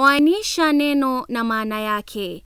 Oanisha neno na maana yake.